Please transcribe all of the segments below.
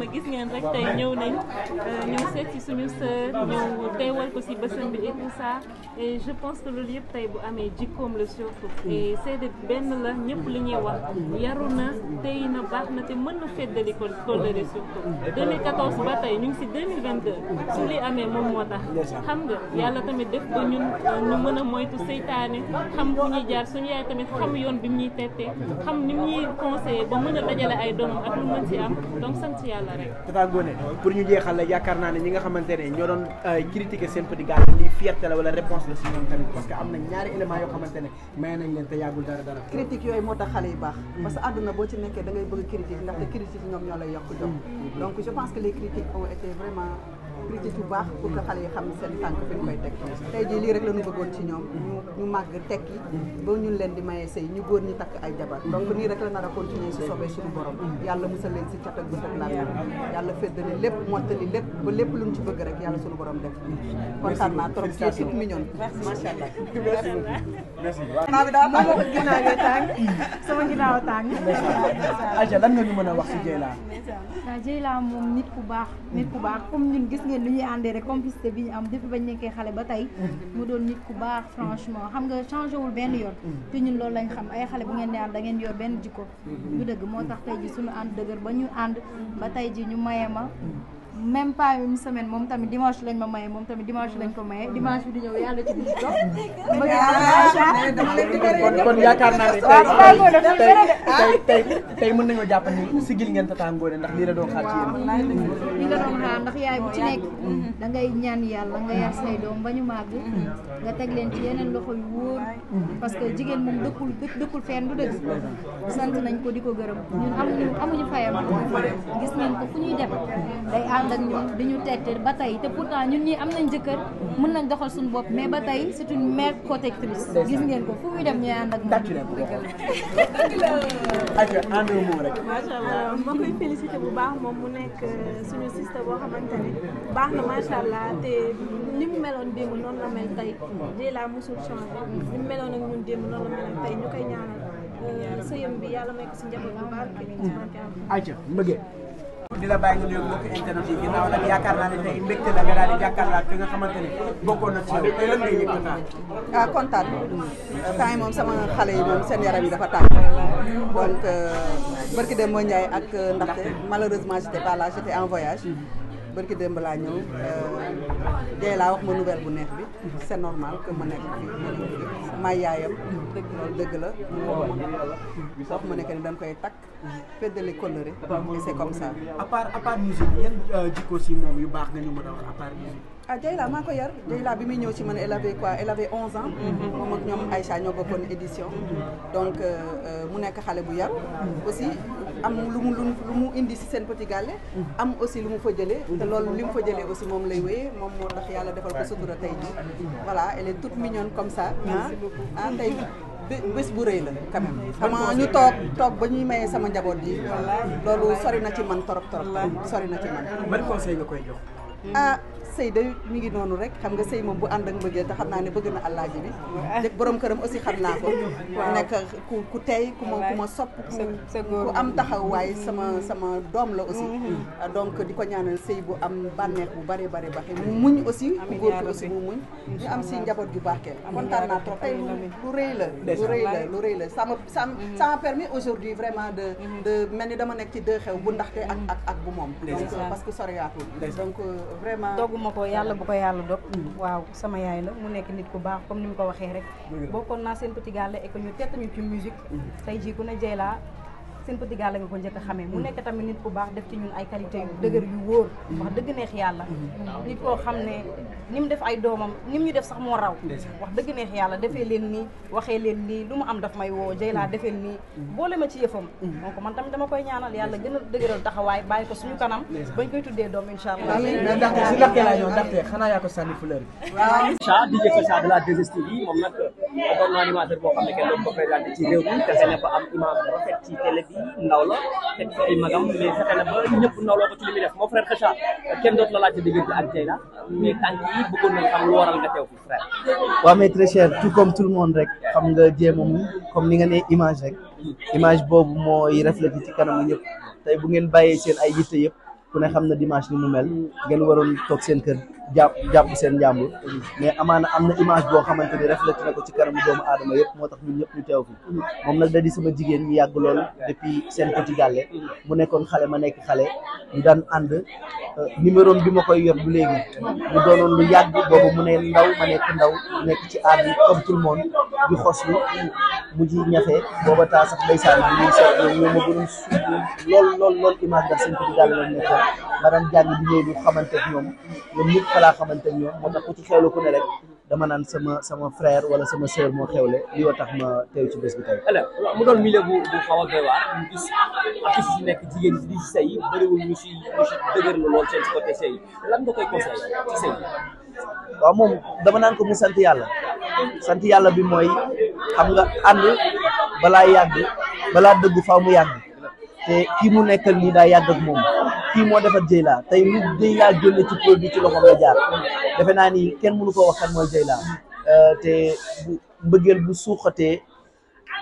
ma gis ngeen rek tey ñëw nañ euh, ñëw seet si suñu sœur ñëw teewal ko si bësën bi et tout ça je pense que loolu yëpp tey bu amee jikkoom la surtout et seede benn la ñëpp li ñuy wax yaru na tey na baax na te mën na feddali ko kóllëre surtout 2014 ba tey ñu ngi si 2022 su li amee moom moo tax xam nga yàlla tamit def ba ñun euh, ñu mën a moytu seytaane xam fu ñuy jaar suñu yaay tamit xam yoon bi mu ñuy tettee xam ni mu ñuy conseillé a dajale ay doomam ak lu mën Tata Ngoné pour ñu jeexal la yaakaar naa ne ñi nga xamante ne ñoo doon euh, critiquer seen petit gars yi la wala réponse la si ñoom tamit parce que am na ñaari éléments yoo xamante ne may nañ leen te yàggul dara dara critique yooyu moo tax xale yi baax mm. parce que àdduna boo ci nekkee da ngay bëgg critique ndaxte critique ñoom ñoo lay yokk jom mm. donc je pense que les critiques ont été vraiment critique bu baax pour que xale yi xam seen tànk fi ñu koy teg tey jii lii rek la ñu bëggoon ci ñoom ñu màgg tekki ba ñun leen di maye sëy ñu góor ñi takk ay jabar donc nii rek la nar a continuer si sobee suñu borom yàlla musal leen si cat ak bët yàlla feddali lépp mottali lépp ba lépp lu ñu ci bëgg rek yàlla suñu borom def kontaan naa trop tu es toute mignonne macha allah merci a moom nit ku baax nit ku baax comme ñun gis ngeen lu ñuy àndee rek complicité bi ñu am depuis bañ nekkee xale ba tey mu doon nit ku baax franchement xam nga changé wul benn yoon te ñun loolu lañ xam ay xale bu ngeen di ànd da ngeen yor benn jikko du dëgg moo tax tey ji suñu ànd dëgër ba ñu ànd ba tey ji ñu maye ma même pas une semaine moom tamit dimanche lañ ma maye moom tamit dimanche lañ ko maye dimanche bi di ñëw yàlla ci biir dox. kon kon yaakaar naa ne tey tey tey tey mën nañoo jàpp ni sigil ngeen Tata Ngoné ndax lii la doon xaar ci yéen. ndax yaay bu ci nekk. Mm-hmm. da ñaan yàlla nga yar say doom ba ñu màgg. Mm-hmm. nga teg leen ci yeneen loxo yu wóor. Mm-hmm. parce que jigéen moom dëkkul dëkkul fenn du dëgg. sant nañ ko di ko gërëm ñun amuñu amuñu fayam gis nañ ko fu ñuy dem day am ànd ak ñun di ñu tette ba tey te pourtant ñun ñii am nañ jëkkër mën nañ doxal suñu bopp mais ba tey c'est une mère protectrice gis ngeen ko fu muy dem ñooy ànd ak moom rek macha allah moo koy félicité bu baax moom mu nekk euh, suñu sista boo xamante ni baax na macha allah te ni mu meloon démb noonu la mel tey dee la musul changé ni mu meloon ak ñun démb noonu la mel tey ñu koy ñaanal euh, sëyam bi yàlla may ko si njaboot bu baax. ayca mbëggee di la bàyyi nga nuyu mbokk yaakaar naa ne tey mbégte la nga daal di jàkkaarloo ne bokkoon na ci yow tey lan ngay yëg kontaan. ah kontaan mm. sama xale yi moom seen yaram yi dafa tàng donc euh, barki dem moo Ndiaye ak euh, ndaxte malheureusement j'étais pas là j'étais en voyage. Mm-hmm. barki démb laa ñëw euh, dee wax ma nouvelle bu neex bi c'est normal que ma nekk fii yaayam dëgg loolu dëgg la mu woo ma wax ma ne que dañ koy takk feddali coloré et c'est comme ça à part à part euh, yu baax nga ñu mën a wax à ah Dieyla maa ko yar Dieyla bi muy ñëw ci man elle avait quoi elle avait onze ans moom ak ñoom Aïcha ñoo bokkoon édition donc euh, mu nekk xale bu yar aussi am lu mu lu mu indi si seen petit mhm. am aussi lu mu fa jëlee te loolu li mu fa jëlee aussi moom lay wéyee moom moo tax yàlla defal ko sutura tey jii voilà elle est toute comme ça ah. ah tey bés bu rëy la quand même xama ñu toog toog ba ñuy mayee sama njaboot yi loolu sori na ci man torop torop sori na ci man ban conseil nga koy jox ah, sëy day mi ngi noonu rek xam nga sëy moom bu ànd ak mbëggeel te naa ne bëgg na àllaaji bi dëgg ah. këram aussi xam naa ko nekk ku ku tey ku ma ku ma ku am taxawaay sama sama doom la aussi mm-hmm. ah, donc di ko ñaanal sëy bu am bànneex bu bare bare baxe mu muñ aussi ku góor ki aussi mu muñ ñu am si njaboot ju barkeel kontaan naa trop tey lu rëy la lu rëy la sama rëy la ça m'a mm-hmm. ça m'a permis aujourd'hui vraiment de mm-hmm. de mel ni dama nekk ci deux xew bu ndaxte ak ak ak bu moom euh, parce que soreyaatul donc euh, vraiment ma ko yàlla bu ko yàlla dog waaw sama yaay la mu nekk nit ku baax comme ni mu ko waxee rek bokkoon naa seen petit gàlle et que ñu tett ñu ci musique tey jii ku ne Dieyla seen petit gàlla nga ko njëkk a xamee mu hmm. nekk tamit nit ku baax def ci ñun ay qualité yu hmm. dëgër yu wóor wax dëgg neex yàlla hmm. nit koo xam ne ni mu def ay doomam ni mu ñu def sax moo raw wax dëgg neex yàlla defee leen nii waxee leen nii lu mu am daf may woo jay laa defee nii boole ma ci yëfam donc man tamit dama koy ñaanal yàlla gën a dëgëral taxawaay bàyyi ko su suñu kanam bañ koy tuddee doom incha allah mais ndaxte si ndaxte laa ñëw ndaxte xanaa la 2STV moom nag euh, doon animateur boo xam bi la fekk ay magam mais fexe na ba ñëpp ndaw la ko ci kenn dootu la laaj ci diggante ak Dieyna mais tànk yi bëggoon nañ xam lu waral nga teew fi frère. waaw mais tout comme tout le monde rek xam nga jéema mu comme ni nga ne image rek image boobu mooy reflété ci kanamu ñëpp te bu ngeen bàyyee seen ay yitte yëpp ku ne xam na dimanche ni mu mel ngeen waroon toog seen kër. jàpp jàpp seen njàmbur mais amaana am na image boo xamante ni reflété na ko ci kanamu doomu aadama yëpp moo tax ñun teew fi moom nag da di sama jigéen ñu yàgg lool depuis seen petit mu nekkoon xale ma nekk xale ñu daan ànd euh, numéro bi ma koy yor bu léegi mu doonoon lu yàgg boobu mu ne ndaw ma nekk ndaw nekk ci aar bi comme tout le monde di xoslu mu ji ñafe booba taa sax ndeysaan bi ñuy lool lool lool image dax seen petit nekkoon ma daan jàng di léegi xamante ak ñoom ñoom ñëpp laa xamante ni ñoom moo tax ku ci xewle ku ne rek dama naan sama sama frère wala sama sœur moo xewle li yoo tax ma teew ci bés bi tey. alors mu doon milieu bu a nekk jigéen ñi di ci sëy bëriwul ñu si ñu si dëgër la lool seen si waaw moom dama naan ko mu sant yàlla sant yàlla bi mooy xam nga ànd balaa yàgg balaa dëgg faw mu yàgg. te kii mu nekkal nii daa yàgg ak moom kii moo defar Dieyla tey lu Dieyla génne ci produit ci loxoom la jaar defe naa ni kenn mënu koo wax kan mooy Dieyla euh, te bu mbëggeel bu suuxatee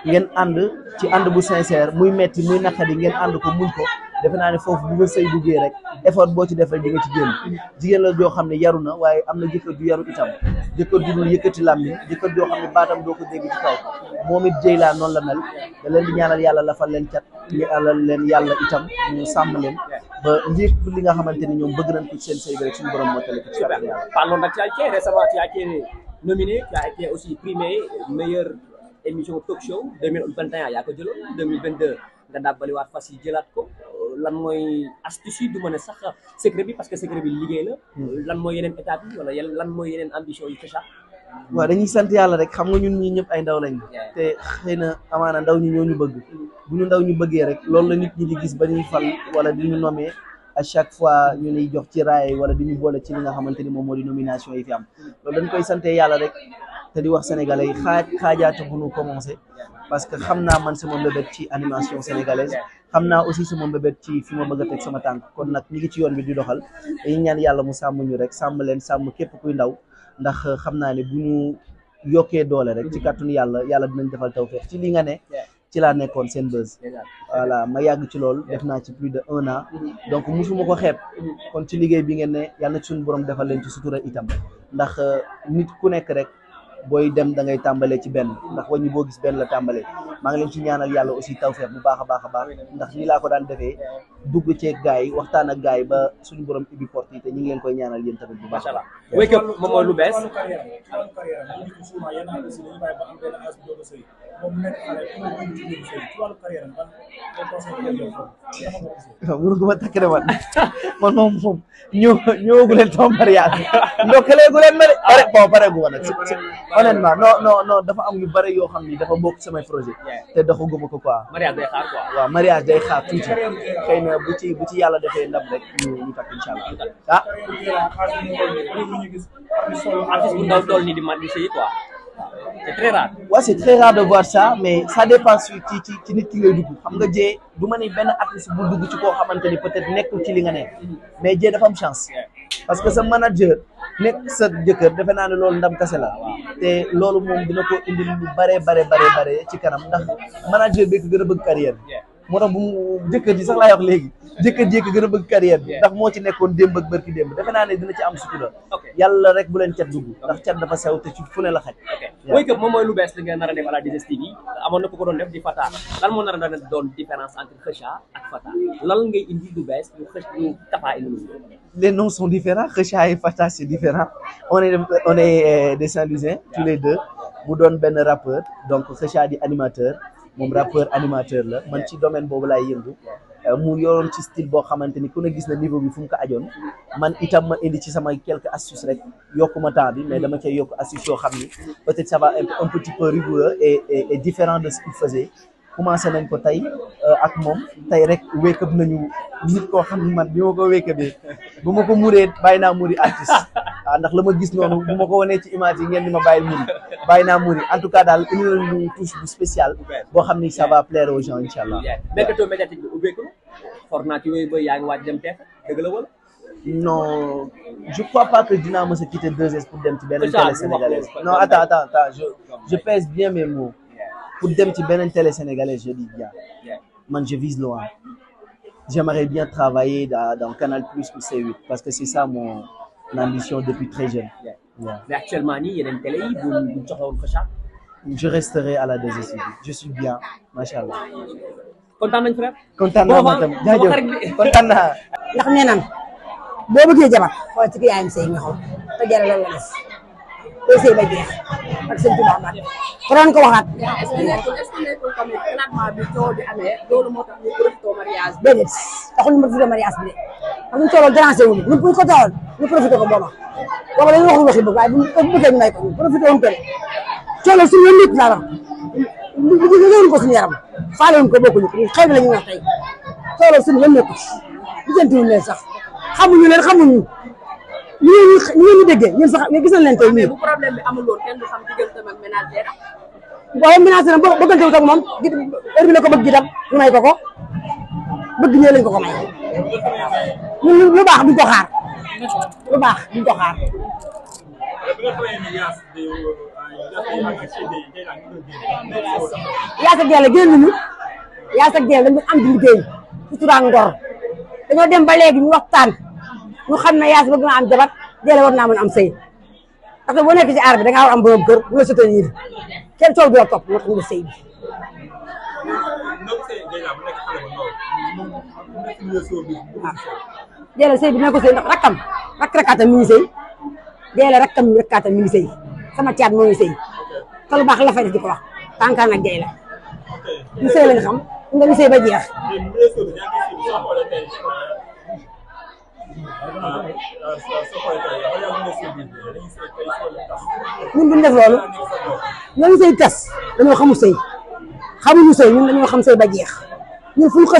ngeen ànd ci ànd bu sincère muy metti muy naqadi ngeen ànd ko muñ ko defe naa ne foofu bu fa sëy duggee rek effort boo ci def rek nga ci génn jigéen la joo xam ne yaru na waaye am na jëkkër ju yaru itam jëkkër ju dul yëkkati làmmiñ jëkkër joo xam ne baatam doo ko dégg moom it jëy laa noonu la mel da leen di ñaanal yàlla lafal leen cat ñaanal leen yàlla itam ñu sàmm leen ba ndiig li nga xamante ni ñoom bëgg nañ ko ci seen sëy bi rek suñu borom moo tale ko ci émission talk show 2021 yaa ko jëloon 2022 nga dàbbaliwaat fas yi jëlaat ko lan mooy astuce yi du ma ne sax secret bi parce que secret bi liggéey la hmm. lan mooy yeneen état bi wala lan mooy yeneen ambition yi fësa waaw dañuy sant yàlla rek xam nga ñun ñi ñëpp ay ndaw lañ te xëy na amaana ndaw ñi ñoo ñu bëgg bu ñu ndaw ñu bëggee rek loolu la nit ñi di gis ba ñuy fal wala di ñu nommer a chaque fois ñu lay jox ci raay wala di ñu boole ci li nga xamante ni moom moo di nomination yi fi am loolu dañ koy santee yàlla rek te di wax sénégalais yi xaaj xaajaata bu ñu commencé parce que xam naa man sama mbébét ci animation sénégalaise xam naa aussi sama mbébét ci fi ma bëgg a sama tànk kon nag ñu ngi ci yoon bi di doxal ñaan yàlla mu sàmm rek sàmm leen sàmm képp kuy ndaw ndax xam naa ne bu ñu yokkee doole rek ci kàttanu yàlla yàlla dinañ defal tawfeex ci li nga ne ci laa nekkoon seen buzz voilà ma yàgg ci lool def naa ci plus de un naa mm-hmm. donc musuma ko xeeb mm-hmm. kon ci liggéey bi ngeen ne yàlla na ci suñu borom defal leen ci sutura itam ndax euh, nit ku nekk rek booy dem da ngay tàmbalee ci benn ndax wañu boo gis benn la tàmbalee maa ngi leen ci ñaanal yàlla aussi tawfeex bu baax a baax a baax ndax nii laa ko daan defee dugg ceeg gars yi waxtaan ak gars yi ba suñu borom ubbi porte yi te ñu ngi koy ñaanal yéen tamit bu baax. macha allah wake up lu bees. wuruguma takk de man man moom moom ñëw ñëwagu leen ma de pare dafa am yu bare yoo xam ni dafa bokk samay projet te doxaguma ko quoi. mariage day xaar quoi. waaw mariage day xaar tuuti xëy na bu ci bu ci yàlla defee ndam rek ñu ñu takk incha allah ah. artiste bu ndaw toll nii di màgg sëy quoi. c'est très rare. waaw c'est très rare de voir ça mais ça dépend ci ci ci nit ki ngay dugg xam nga Dieng du ma ni benn artiste bu dugg ci koo xamante ni peut-être nekkul ci li nga nekk mais Dieng dafa am chance parce que sa manager. nekk sa jëkkër defe naa ne loolu ndam kase la te loolu moom dina ko indil lu bare bare bare bare ci kanam ndax manager bi ko gën a bëgg carrière moo bu jëkkër ji sax laay léegi jëkkër ji gën a bëgg carrière bi ndax moo ci nekkoon démb ak bërki démb defe naa ne dina ci am sutura yàlla rek bu leen cat dugg ndax cat dafa sew te la xaj Wake Up moom mooy lu bees li nga nar a def à na ko ko doon def di Fata lan moo nar a doon différence entre Kheucha ak Fata lan ngay indi lu bees lu xëc lu Tapha indi les noms sont différents différent on est on euh, Saint-Louisiens tous les deux mu doon benn rappeur donc Kheucha di animateur moom rappeur animateur la man ci domaine boobu laay yëngu mu yoroon ci style boo xamante ni ku ne gis na niveau bi fu mu ko ajoon man itam ma indi ci sama quelques astuces rek yokkuma temps bi mais dama cay yokk astuces yoo xam ni peut-être ça va être un petit peu rigoureux et commencé nañ ko tey euh, ak moom tey rek wake up nañu xam ne man bi ma ko wake bu ma ko muuree bàyyi naa muri artiste waaw ah, ndax la ma gis noonu bu ma ko wanee ci image yi ngeen di ma bàyyi muri bàyyi naa muuri en tout cas daal boo xam ni ça va plaire aux gens bi ubbeeku for naa ci yooyu ba yaa ngi waaj non je crois pas que dinaa mës a quitter 2 pour dem ci beneen télé sénégalaise non attends attends je pèse bien mes mots pour dem ci beneen télé sénégalaise je dis bien man je vise loin travailler dans dans Canal Plus ou C8 parce que mon ambition depuis très jeune. mais actuellement nii yeneen télé yi bu bu joxe woon Kheucha. je resterai à la 2STV je suis bien macha allah. kontaan nañ frère. kontaan naa ma tam jaajëf kontaan naa. ndax nee naan boo bëggee jabar xool ci kii yaayam sëy nga xool te jaral la des te sëy ba jeex ak sëñ Tuubaa mat ko doon ko waxaat. est-ce que nekkul tamit finalement bi coow bi amee loolu moo tax ñu profité mariage bi. déedéet taxul ñu profité mariage bi de xam nga ñu tolloon dérangé wuñu ñu ko tolloon. ñu profité ko moo tax wala dañuy wax lu waxi bëgg waaye bu bëggee ñu may ko ñu profité woon tële coono suñu yoon nit laa wax ñu ko suñu yaram faale wuñ ko bokkuñu ko xëy na la ñu wax tey coono suñu yoon nekku ci lijjantiwuñ leen sax xamuñu leen xamuñu ñu ñu ñu déggee ñun sax gis nañ leen tey nii. bu problème bi amul woon kenn du xam diggante ak ménagère waaw ménagère bëggante wut ak moom gi heure bi la ko bëgg gi tam ñu may ko ko bëgg ñee lañ ko ko may ñun lu baax duñ ko xaar lu baax duñ ko xaar yaas ak yàlla génn ñu yaas ak yàlla am di liggéey dañoo dem ba léegi ñu waxtaan ñu xam na yaas bëgg naa am jabar deela war naa mën am sëy parce que boo nekk ci aar bi da war am borom kër bu la soutenir kenn tool bi la topp moo tax ñu def sëy bi waaw Jalle sëy bi dina ko sëy ndax rakkam rakk rakkaata mi ngi sëy Jalle rakkam rakkaata mi ngi sëy sama caat moo ngi sëy lu baax la fay def di ko wax tànkaan ak Jalle ñu sëy lañ xam nga ñu ba jeex. ñun duñ def loolu ñooñu sëy tas dañoo xamul sëy xamuñu sëy ñun dañoo xam sëy ba jeex ñun fu ñu ko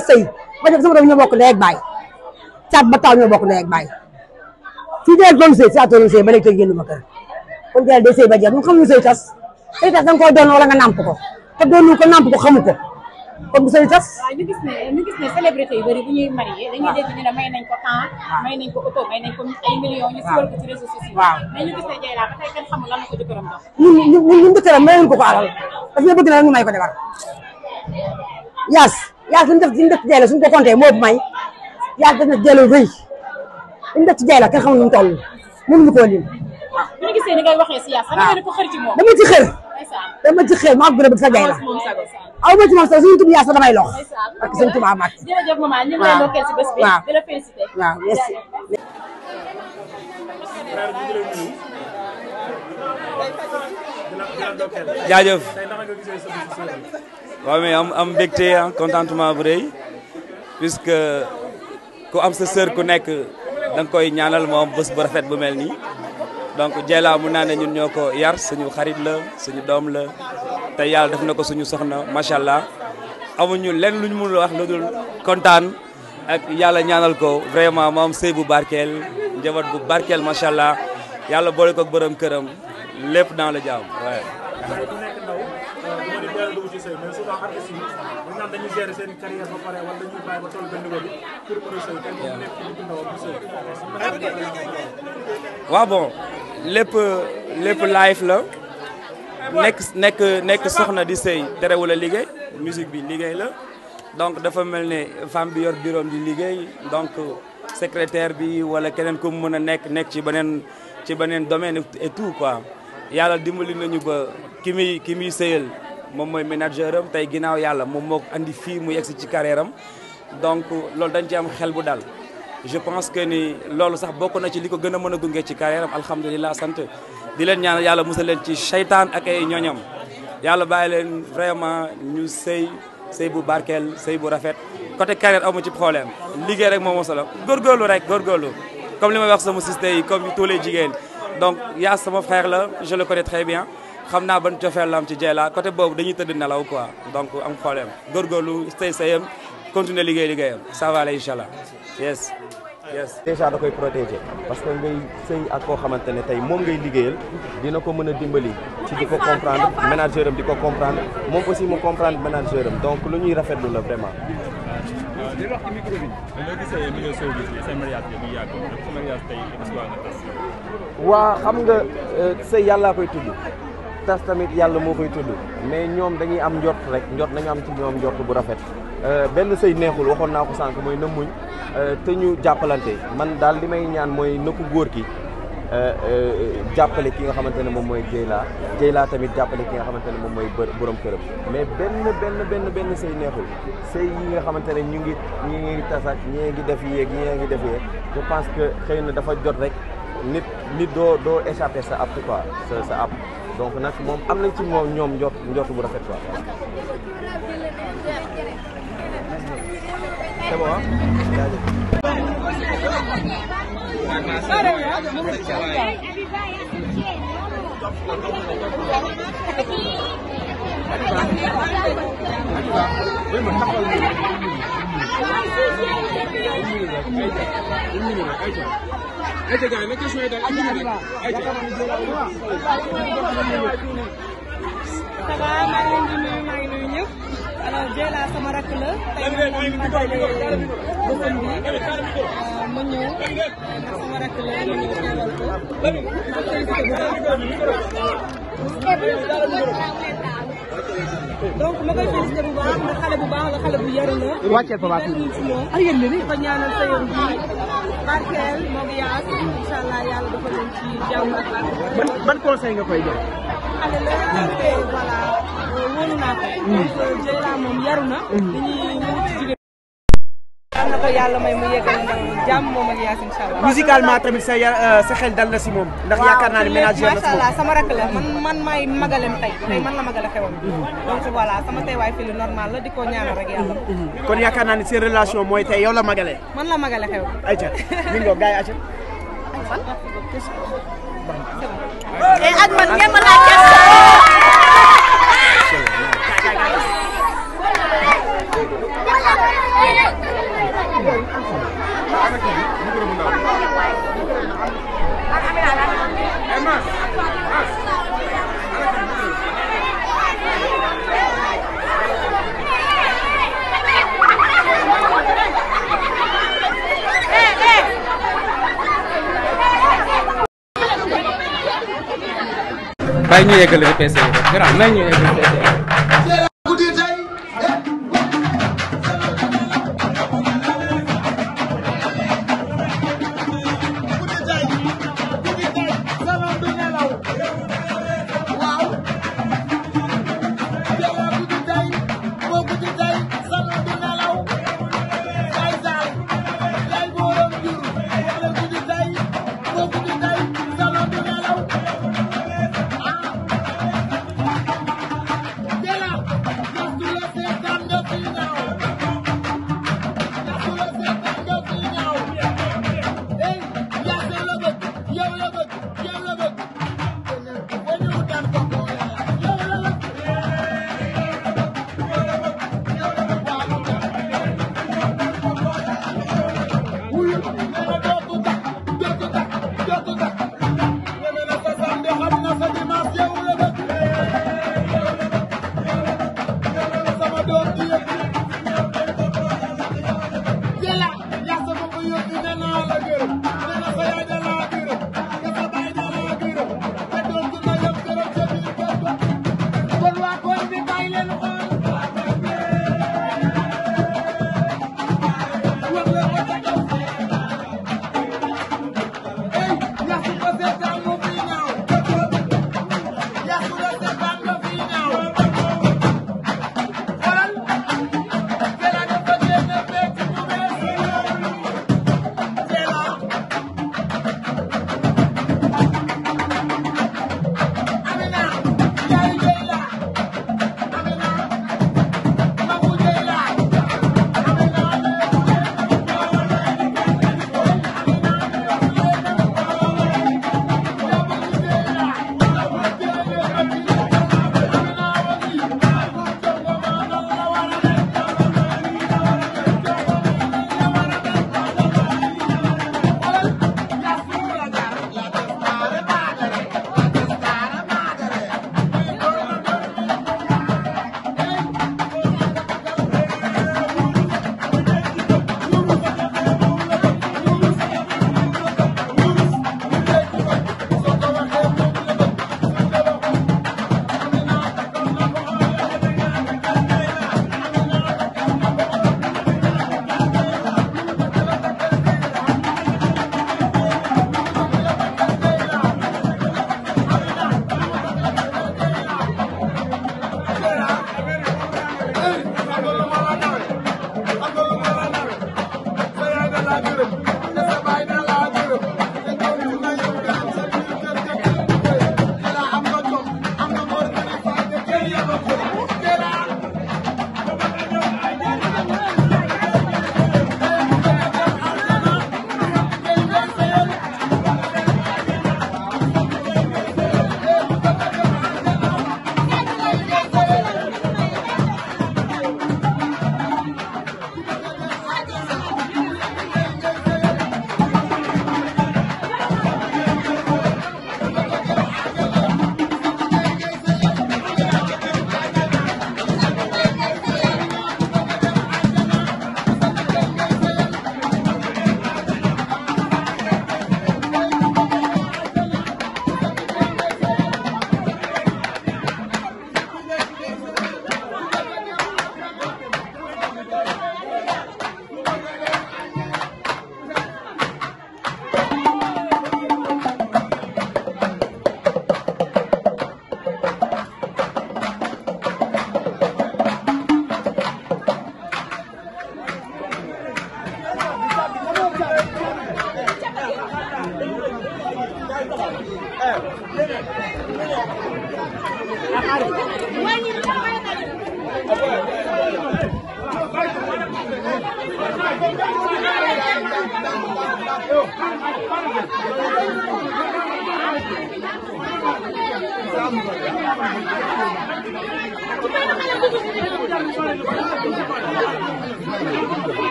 ba def sama doom ñoo bokk ndey ak baay caat ba taw ñoo bokk ndey ak baay fii dee doon sëy si atoon sëy ba léegi tey génn ma kër kon jël day sëy ba jeex ñu xam ñu sëy tas sëy tas da nga koy doon wala nga nàmp ko te doonu ko nàmp ko xamu ko kon bu sëy tas waaw ñu gis ne ñu gis ne célébrité yu bëri bu ñuy marié dañuy dégg ñu ne may nañ ko temps may nañ ko oto may nañ ko ay millions ñu siwal ko ci réseaux sociaux waaw mais ñu gis ne Dieyla ba tey kenn xamul lan la ko jëkkëram dox ñun ñun jëkkëram mayoon ko ko alal daf ñu bëgg na ñu may ko defar yaas yaa ngi def suñu def ci jay la suñu ko compté moo may yaa ngi def jay la rëy suñu def ci jay la kenn xamul nu mu toll mënuñu koo lim. bu ñu gisee ni ngay waxee si yaasa. waaw ko xër ci moom. dama ci xër. dama ci xër maa ngi gën a bëgg sa jay la. aw ma ci moom sax suñu tudd yaasa damay lox. parce que suñu tubaab màgg. jërëjëf maman ñu ngi lay ndokkeel si bés bi. waaw di la félicité. waaw merci. jaajëf. waaw mais am am mbégte ah contentement bu rëy puisque ku am sa ku nekk da koy ñaanal moom bés bu rafet bu mel nii donc Dieyla mun naa ne ñun ñoo ko yar suñu xarit la suñu doom la te yàlla def na ko suñu soxna macha allah amuñu lu ñu mun wax lu dul kontaan ak yàlla ñaanal ko vraiment moom sëy bu barkeel njaboot bu barkeel macha allah yàlla boole ko borom këram lépp dans la jàmm waaye gérer seen carrière ba pare bon lépp lépp live la nekk nekk nekk soxna di sëy terewul a liggéey musique bi liggéey la donc dafa mel ne femme bi yor bureau di liggéey donc secretaire bi wala keneen ku mu mën a nekk nekk ci beneen ci beneen domaine et yàlla dimbali nañu ba ki muy ki muy sëyal moom mooy manager am tey ginnaaw yàlla moom moo indi andi fii mu yegsi ci carrière donc loolu dañu ci am xel bu dal je pense que ni loolu sax bokk na ci li ko gën a mën a gunge ci carrière am alhamdulilah sant di leen ñaan yàlla musal leen ci seytaan ak ay ñoñam yàlla bàyyi leen vraiment ñu sey sey bu barkeel sey bu rafet côté carrière amu ci problème liggéey rek moom moo solo góorgóorlu rek góorgóorlu comme li may wax sama sister yi comme tous les jigéen don yaa sama frère la je le xam naa ban cofeel la am ci Dieyla côté boobu dañuy tëdd nelaw quoi donc am problème góorgóorlu stay sayam continuer liggéey liggéeyam ça va aller incha yes yes da koy protéger parce que ngay sëy ak koo xamante ne tey moom ngay liggéeyal dina ko mën a dimbali ci di ko comprendre ménageur di ko comprendre moom aussi mu comprendre ménageur am donc lu ñuy rafetlu la vraiment di euh, wax ci micro bi. nga gisee milieu showbiz waa xam nga euh, sëy yàllaa koy tudd. tas tamit yàlla moo koy tudd mais ñoom dañuy am njort rek njot nañu am ci ñoom njort bu rafet euh, benn sëy neexul waxoon naa ko sànq mooy na euh, te ñu jàppalante man daal li may ñaan mooy na góor ki euh, jàppale ki nga xamante ne moom mooy Dieyla Dieyla tamit jàppale ki nga xamante ne moom mooy borom këram mais benn benn benn benn sëy neexul sëy yi nga xamante ne ñu ngi ñi ngi tasak ñii ngi def yéeg ñii ngi def yéeg je pense que xëy na dafa jot rek nit nit doo doo échappé sa app quoi sa sa app donc nag moom am nañ ci moom ñoom njort njort bu rafet quoi. c'est bon ah jaajëf. maa ngi leen di nuyu maa ngi nuyu ñëpp alors Dieyla sama rakk la tey moom maa ngi lay dem bësëm bi ma ñëw ndax sama rakk la ma ñëw teewal ko. donc ma koy félicité bu baax nga xale bu baax nga xale bu yaru la. wàcceel ko ah, ñaanal sa moom yaru na. Mm. am na ko yàlla may musicalement tamit sa euh, sa xel dal na si moom. ndax yaakaar naa ne ménage la macha allah sama rakk la man man maay magalem tey. tey man la magal a xewam. Mhm. Mhm, mhm, kon yaakaar naa ni seen relation mooy tey yow la magalee. man la magale xew. ayca mi ngi doon gars yi ak man ngeen bàyyi ñu yeggali di PCA bi. gannaaw nañ ñu yeggali PCA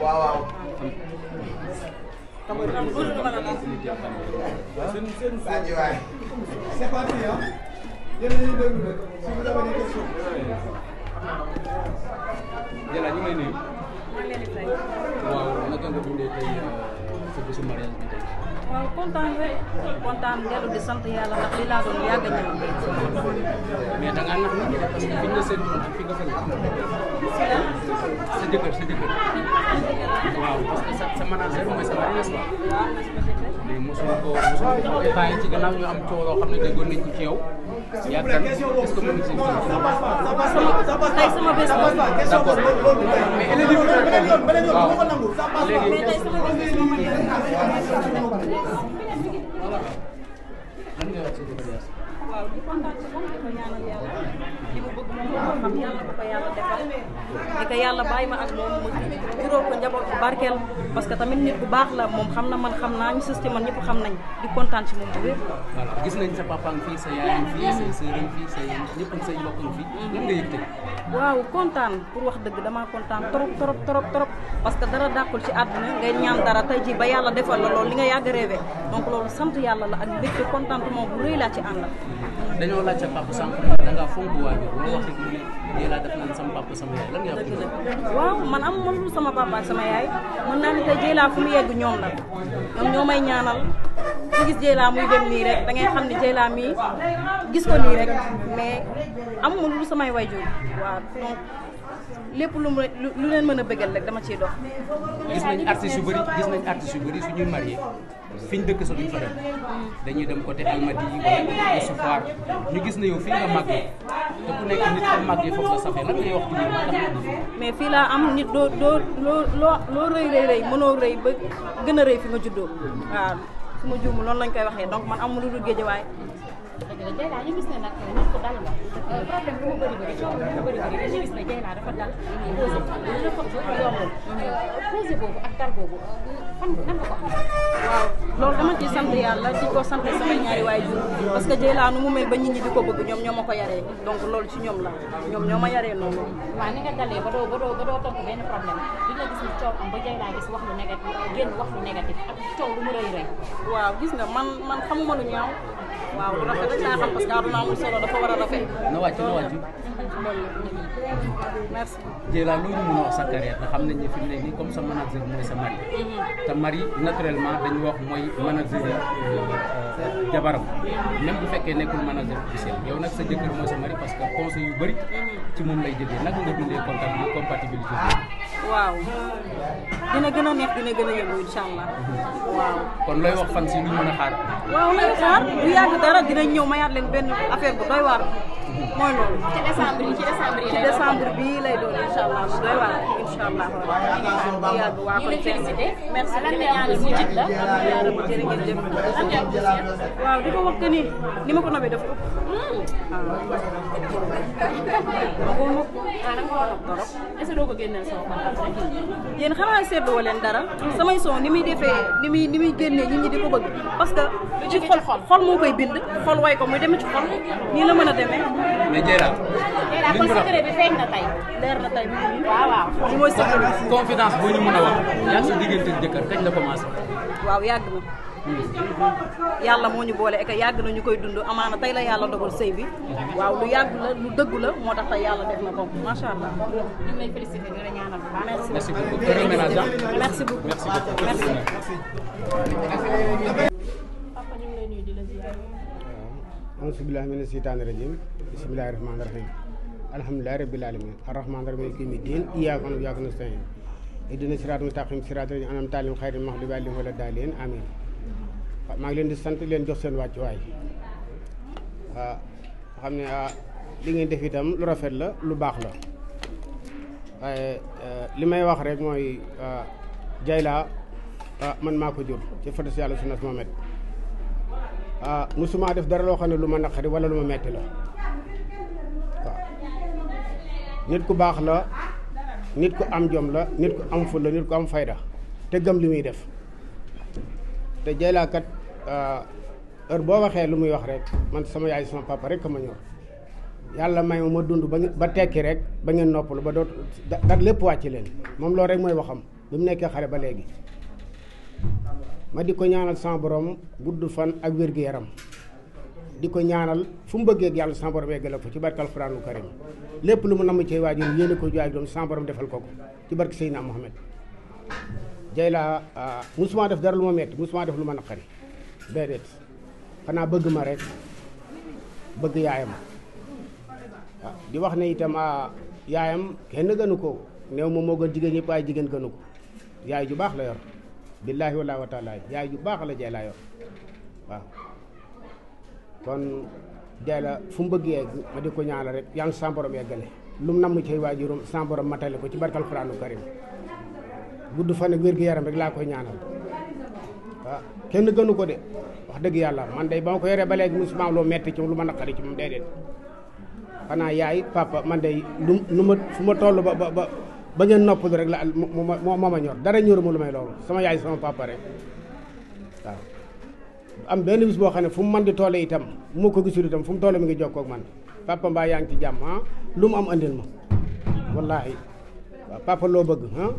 waaw waaw C'est parti, hein Bienvenue de vous. Si vous avez des questions. Yàlla ñu may nuyu. waaw naka nga dundee tey sa bésu mariage bi tey. waaw kontaan rek kontaan dellu di sant yàlla ndax li laa doon yàgg ñëw. mais da ngaa nax nit ñi de parce que fi ñu la seen fi nga fa sa jëkkër sa jëkkër. waaw parce que sa sa manager mooy sa mari n'est-ce pas mais mosuma ko mosuma ko bàyyi ci gannaaw ñu am coow loo xam ne déggoon nañ ko ci yow yaa kan est-ce que mën nga tey sama bés la d'accord mais elle est libre waaw léegi waaw di kontaan ci moom di ko ñaanal yàlla li mu bëgg moom moo xam yàlla bu ko yàlla defal ni ko yàlla bàyyi ma ak moom mu juróom ko njaboot bu barkeel parce que tamit nit bu baax la moom xam na man xam naa ñu sës ci man ñëpp xam nañ di kontaan ci moom bu wér. gis nañ sa papa nga fii sa yaay nga fii sa sœur waaw kontaan pour wax dëgg damaa kontaan trop trop trop trop parce que dara dàqul ci àdduna ngay ñaan dara tey jii ba yàlla defal la loolu li nga yàgg a rêvé loolu sant yàlla la ak mbégte kontaan moom bu rëy laa ci àndal dañoo laaj sa papa sànq da ngaa fonk waajur loo wax rek mu laa def naan sama papa sama yaay lan nga waaw man am man sama papa ak sama yaay mën naa ne tey Dieyla fu mu yegg ñoom la ñoom ñoo may ñaanal ku gis rek da ngay xam ne Dieyla mii gis rek mais am lu samay waajur waaw donc lépp lu mu lu leen mën a bëggal rek dama ciy dox. gis nañ artistes yu bëri gis nañ artistes yu bëri suñuy marié. fi ñu dëkk sax duñ fa dem dañuy dem côté Almadies wala côté Ouest Foire ñu gis na yow fii nga màggee te ku nekk nit am màggee foofu la safee lan ngay wax ci ñoom tax mais fii laa am nit doo doo loo loo loo rëy rëy gën a rëy fi nga juddoo waaw su ma juumu loolu lañ koy waxee donc man amul lu dul géejawaay la Dieyla ñu gis ne nag nit ku dal la problème bi mu bëri bëri coow loolu dama ciy sant yàlla di ko sant sama ñaari waajur parce que Dieyla nu mu mel ba nit ñi di ko bëgg ñoom ñoo ma ko yaree donc loolu ci ñoom la ñoom ñoo ma yaree noonu waaw ni nga dalee ba doo ba doo benn problème di gis ne am ba Dieyla gis wax lu négatif génn wax lu négatif ak coow lu mu rëy rëy waaw gis nga man man xamuma lu ñaaw waaw bu rafet rek laa xam parce que aduna dafa war a rafet. na wàcc na wàcc. merci. loolu ñu mën a wax sa xam nañ ne fi mu ne nii comme sa manager mooy sa mari. Mhm. te mari naturellement dañu wax mooy manager euh, euh, jabaram même bu fekkee nekkul manager officiel yow nag sa jëkkër mooy sa mari parce que conseil yu bëri mhm. ci moom lay jëlee naka nga dundee compatibilité compatibilité bi. waaw dina gën a neex dina gën a yëngu incha allah waaw. kon looy wax fan si lu mën a xaar. waaw lay xaar bu yàgg dara dina ñëw mayaat leen benn affaire bu doy waar. mooy loolu. ci décembre ci lay doon décembre bii lay doon mu doy la yàlla mu jig la. jërë ngeen jëf. waaw di ko wax que ni ni ma ko nobee def ko. waaw. Hmm. est ko génneel sama bopp. yéen xanaa seetloo leen dara. samay muy defee ni muy ni muy génnee nit di ko parce que ci xol xol moo koy bind xol way ko muy demee ci xol nii la mën a demee. mais Dieyla. li mu la secret bi feeñ na tey leer na tey waaw waaw. li mooy secret confidence boo ñu mën a wax. yaa sa diggante la yàgg na. yàlla moo ñu boole eka yàgg na ñu koy dund amaana tey la yàlla dogal sëy bi. waaw lu yàgg la lu dëgg la moo tax tey yàlla def na ko macha allah. ñu merci beaucoup merci beaucoup merci beaucoup. auzu billaahi mina seytaani rajiim bismillaahi rahmaani rahiim alhamdulillaahi rabbil aalamiin arrahmaani rahiim maaliki yawmi diin iyyaaka na'budu wa iyyaaka nasta'iin ihdina siraatal mustaqiim siraatal wa lad-daalliin amiin maa ngi leen di sant leen jox seen wàccuwaay xam ne ah, li ngeen def itam lu rafet la lu baax la waaye eh, li may wax rek mooy Dieyla ah, ah, man maa ko jur ci fatu yàlla sunnas Muhammad ah musuma def dara loo xam ne lu ma naqari wala lu ma metti la waaw nit ku baax la nit ku am jom la nit ku am ful la nit ku am fayda te gëm li muy def te jaylaakat ah, heure boo waxee lu muy wax rek man sama yaay sama papa rek ka ma ñor yàlla may ma dund ba ba tekki rek ba ngeen noppalu ba doot da lépp wàcc leen moom loolu rek mooy waxam lu mu nekkee xale ba léegi ma di ko ñaanal sama borom gudd fan ak wér-gu-yaram di ko ñaanal fu mu bëggee yàlla sama borom ko ci barke alxuraanu karim lépp lu mu namm ci waajur yéene ko waajuram sama borom ko ci barke Seydina Mohamed jay laa ah, def dara lu ma metti def lu ma naqari déedéet bëgg ma bëgg yaayam waaw ah, wax ne itam ah, yaayam kenn gënu ko néew moom moo gën jigéen ñëpp waaye jigéen gënu ko yaay ju baax la yor billaahi wallaahi wa taala yaay ju baax la Dieyla yor kon Dieyla fu bëgg yegg ma di ko ñaanal rek yàlla sa yeggale lu mu namm ci waajuram sa borom matale ko ci barkal Qur'aanu Karim gudd fan ak wér yaram rek laa koy ñaanal kenn gënu ko de wax dëgg yàlla man day ba ma ko yoree ba léegi musuma loo metti ci lu ma naqari ci moom déedéet xanaa yaay papa man day lu ma fu ma toll ba ba ba ba ngeen noppalu rek la moo ma ñor dara ñoruma lu may loolu sama yaay sama papa rek waaw am benn bis boo xam ne fu mu man di toole itam mu ko gisul itam fu mu toole mu ngi jokkoo ak man papa yaa ngi ci jàmm ah lu mu am andil ma wallaahi waaw papa loo bëgg ah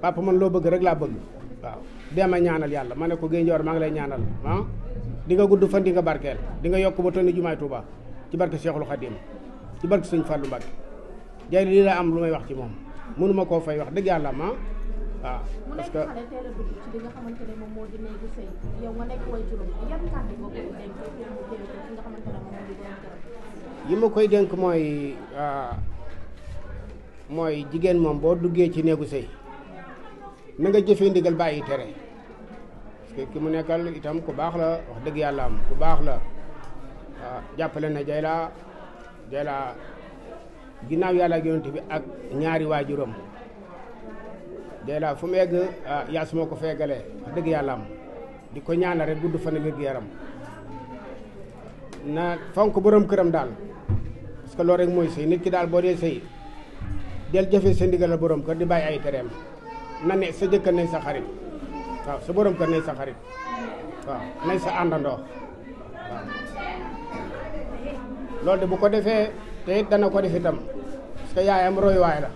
papa man loo bëgg rek laa bëgg waaw deema ñaanal yàlla ma ne ko géej joor maa ngi lay ñaanal ah di nga gudd fan di nga barkeel di nga yokk ba tonni jumaay Tuuba ci barke Cheikhul Khadim ci Sëñ Fallou Mbacké jaay lii laa am lu may wax ci moom mënuma koo fay wax dëgg yàlla ma waaw que li yi ma koy dénk mooy ah, mooy jigéen moom boo duggee ci néegu sëy na nga jëfee ndigal bàyyi tere parce que ki mu nekkal itam ku baax la wax dëgg yàlla am ku baax la ah, jàppale na jay laa jay laa ginnaaw yàlla ak yonent bi ak ñaari waajuram dèjà fu mu egg ah, yaas moo ko feegalee wax dëgg yàlla am di ko ñaanal rek gudd fan ak wér gu yaram na fonk borom këram daal parce que loolu rek mooy sëy nit ki daal boo dee sëy del jëfe sa ndigal borom kër di bàyyi ay tereem na ne sa jëkkër nay sa xarit waaw sa borom kër sa xarit waaw sa àndandoo waaw loolu de defee. te dana ko def itam parce yaayam royuwaay la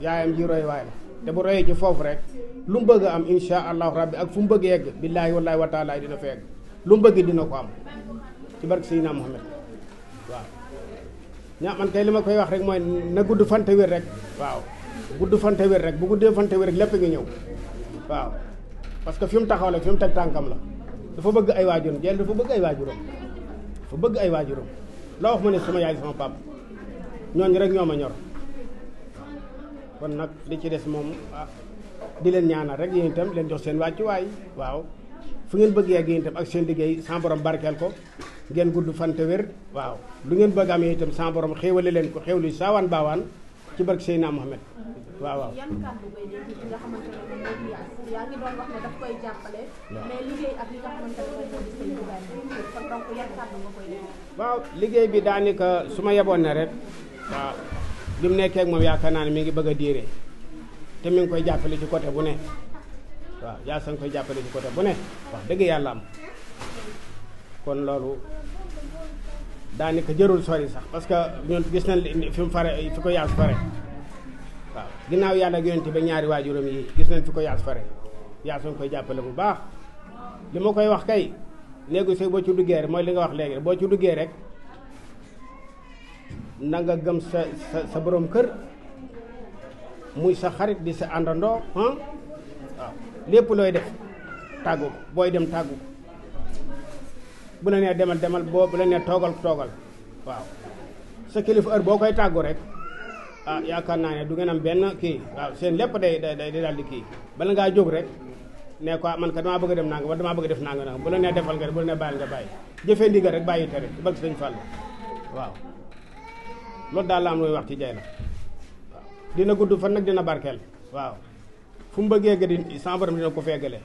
yaayam ji royuwaay la te bu royee ci foofu rek lu mu bëgg am insha allahu rabbi ak fu mu bëgg yegg billaahi wallaahi wa dina fa lu mu dina ko am ci barke Seydina li ma koy wax rek mooy na gudd rek waaw gudd fante rek bu guddee lépp nga ñëw waaw que fi mu taxaw la fi mu teg la dafa bëgg ay waajuram jël dafa bëgg ay waajuram dafa bëgg ay waajuram loo wax ma ne sama yaay sama pap ñooñu rek ñoo ma ñor kon nag li ci des moom ah, di leen ñaanal rek yéen itam leen jox seen wàccuwaay waaw fu ngeen bëggee ak yéen ak seen liggéey sans borom barkeel ko ngeen gudd fante wér waaw lu ngeen bëgg am yéen itam sans borom xéewale leen ko xéewlu saawaan baawaan ci barke Seydina Mohamed waaw waaw waaw liggéey bi daanaka su ma yeboon ne rek waaw bi mu nekkee ak moom yaakaar naa ne mi ngi bëgg a diire te mi ngi koy jàppale ci côté bu ne waaw yaa sa nga jàppale ci côté bu ne wax dëgg yàlla am kon loolu daanaka jërul sori sax parce que ñun gis nañ fi mu fare fi ko yaas fare waaw ginnaaw yàlla ak yonent ba ñaari waajuram yi gis nañ fi ko yaas fare yaa sa koy jàppale bu baax li ma koy wax kay néegu sëy boo ci duggee rek mooy li nga wax léegi boo ci rek na nga gëm sa sa boroom kër muy sa xarit di sa àndandoo ah lépp looy def tàggu booy dem tàggu bu la nee demal demal boo bu la nee toogal toogal waaw sa kilifa heure boo koy tàggu rek ah yaakaar naa ne du ngeen am benn kii waaw seen lépp day day day daal di kii bala ngaa jóg rek. ne ko ah, man ka damaa bëgg dem nanga wala bëgg a def nanga nanga bu la nee defal nga bu la nee bàyyil nga bàyyi jëfee ndigal rek bàyyi tere bark sëñ Fallou waaw loolu daal la am looy wax ci jay na dina gudd fan nag dina barkeel waaw fu mu bëggee gëdi sama borom dina ko feegale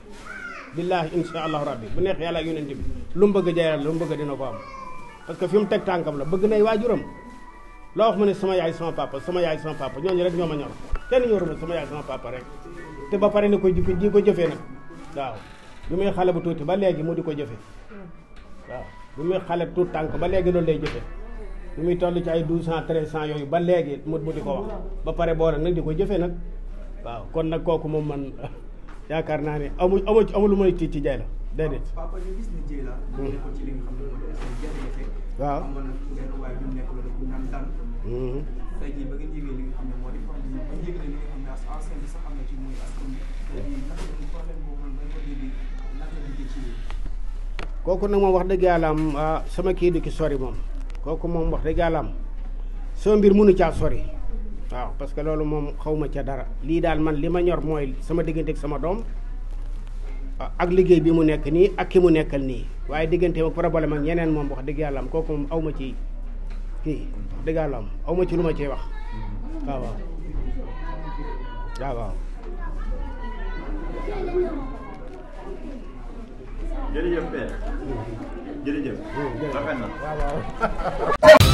billaahi insha allahu rabbi bu neex yàlla ak yonent bi lu mu bëgg jayal lu mu bëgg dina ko am parce que fi mu teg tànkam la bëgg nay waajuram loo wax mu ne sama yaay sama papa sama yaay sama papa ñooñu rek ñoo ma ñor kenn ñoruma sama rek te ba pare ne ko ko jëfee waaw bi muy xale bu tuuti ba léegi mu di ko jëfe waaw bi muy xale tuut tànk ba léegi loolu day jëfe bi muy toll ci ay douze sant treize cent yooyu ba léegi mu mu di ko wax ba pare boole nag di ko jëfe nag waaw kon nag kooku moom man yaakaar naa ne amu amu amu lu may tiit ci jay la déedéet. papa gis ni jay la. ci li nga xam ne waaw amoon na tey jii ba ngeen xam ne moo kooku nag moom wax dëgg yàlla ah, sama kii du sori moom kooku moom wax dëgg yàlla am mbir mënu caa sori waaw parce que loolu moom xawma ca dara lii daal man li ma ñor mooy sama diggante ak sama doom ah, ak liggéey bi mu nekk nii ak ki mu nekkal nii waaye diggante ak problème ak ñeneen moom wax dëgg yàlla am kooku moom awma ci kii dëgg yàlla am aw ma ci lu ma cee wax waaw waaw waaw waaw. jërëjëf na waaw waaw.